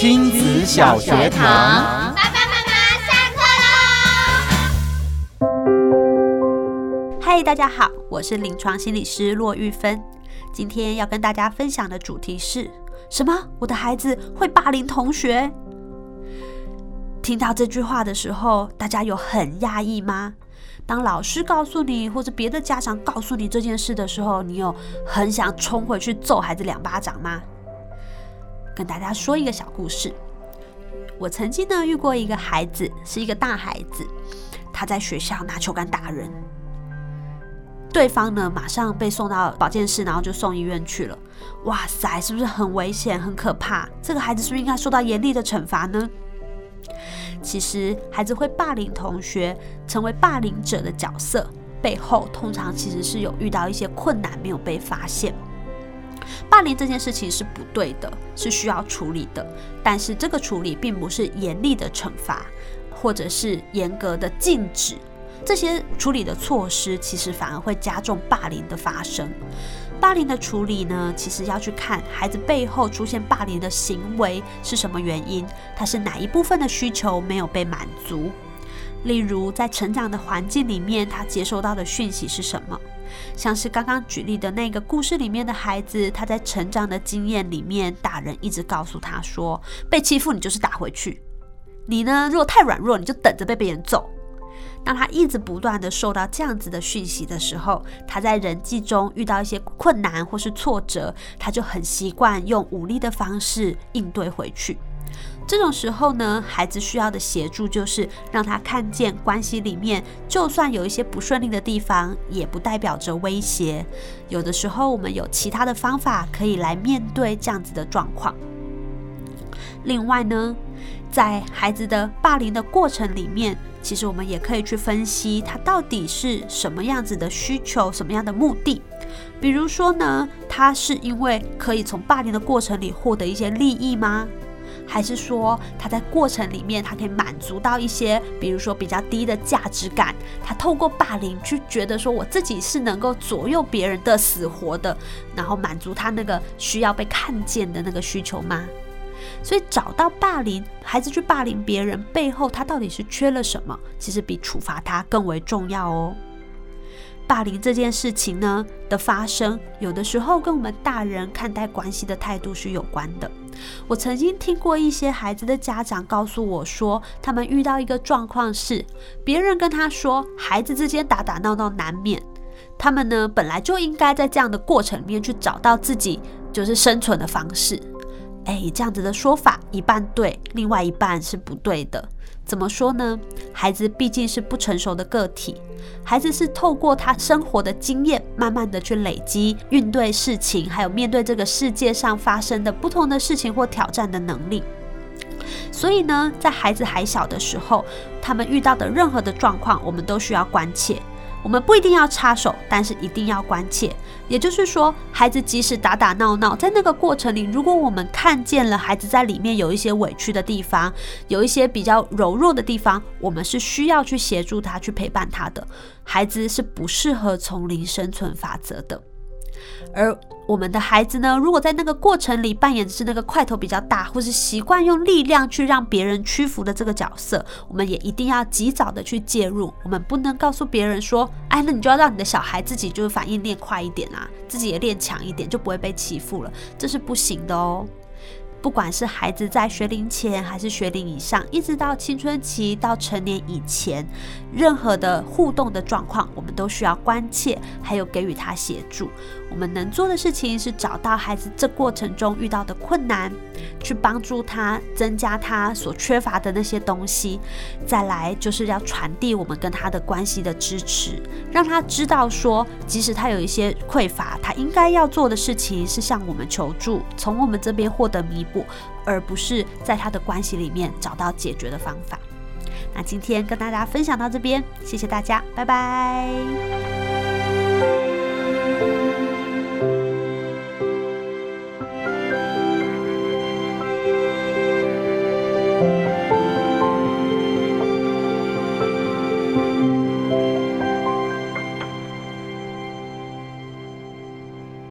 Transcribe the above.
親子小學堂，爸爸媽媽下課嘍！嗨，大家好，我是臨床心理師駱郁芬。今天要跟大家分享的主題是什麼？我的孩子會霸凌同學？聽到這句話的時候，大家有很訝異嗎？當老師告訴你，或者別的家長告訴你這件事的時候，你有很想衝回去揍孩子兩巴掌嗎？跟大家說一個小故事，我曾經呢遇過一個孩子，是一個大孩子，他在學校拿球桿打人，對方呢馬上被送到保健室，然後就送醫院去了。哇塞，是不是很危險、很可怕？這個孩子是不是應該受到嚴厲的懲罰呢？其實，孩子會霸凌同學，成為霸凌者的角色，背後通常其實是有遇到一些困難沒有被發現。霸凌這件事情是不對的，是需要處理的。但是這個處理並不是嚴厲的懲罰，或者是嚴格的禁止。這些處理的措施其實反而會加重霸凌的發生。霸凌的處理呢，其實要去看孩子背後出現霸凌的行為是什麼原因，他是哪一部分的需求沒有被滿足。例如在成長的環境裡面，他接收到的訊息是什麼？像是剛剛舉例的那個故事裡面的孩子，他在成長的經驗裡面，大人一直告訴他說，被欺負你就是打回去，你呢，如果太軟弱，你就等着被別人揍。當他一直不斷的受到這樣子的訊息的時候，他在人際中遇到一些困難或是挫折，他就很習慣用武力的方式應對回去。這種時候呢，孩子需要的協助就是讓他看見關係裡面，就算有一些不順利的地方，也不代表着威脅。有的時候，我們有其他的方法可以來面對這樣子的狀況。另外呢，在孩子的霸凌的過程裡面，其實我們也可以去分析他到底是什麼樣子的需求，什麼樣的目的。比如說呢，他是因為可以從霸凌的過程裡獲得一些利益嗎？還是說他在過程裡面，他可以滿足到一些，比如說比較低的價值感，他透過霸凌去覺得說我自己是能夠左右別人的死活的，然後滿足他那個需要被看見的那個需求嗎？所以找到霸凌孩子去霸凌別人背後，他到底是缺了什麼，其實比處罰他更為重要哦。霸凌這件事情呢的發生，有的時候跟我們大人看待關係的態度是有關的。我曾經聽過一些孩子的家長告訴我說，他們遇到一個狀況是，別人跟他說，孩子之間打打鬧鬧難免，他們呢本來就應該在這樣的過程裡面去找到自己就是生存的方式。哎，這樣子的說法一半對，另外一半是不對的。怎麼說呢？孩子畢竟是不成熟的個體，孩子是透過他生活的經驗，慢慢的去累積、應對事情，還有面對這個世界上發生的不同的事情或挑戰的能力。所以呢，在孩子還小的時候，他們遇到的任何的狀況，我們都需要關切。我們不一定要插手，但是一定要關切。也就是說，孩子即使打打鬧鬧，在那個過程裡，如果我們看見了孩子在裡面有一些委屈的地方，有一些比較柔弱的地方，我們是需要去協助他、去陪伴他的。孩子是不適合叢林生存法則的。而我們的孩子呢，如果在那個過程裡扮演的是那個塊頭比較大，或是習慣用力量去讓別人屈服的這個角色，我們也一定要及早的去介入。我們不能告訴別人說：“哎，那你就要讓你的小孩自己就是反應練快一點啊，自己也練強一點，就不會被欺負了。”這是不行的哦。不管是孩子在學齡前還是學齡以上，一直到青春期到成年以前，任何的互動的狀況，我們都需要關切，還有給予他協助。我們能做的事情是找到孩子這過程中遇到的困難，去幫助他增加他所缺乏的那些東西。再來就是要傳遞我們跟他的關係的支持，讓他知道說，即使他有一些匱乏，他應該要做的事情是向我們求助，從我們這邊獲得彌補，而不是在他的關係裡面找到解決的方法。那今天跟大家分享到這邊，謝謝大家，拜拜。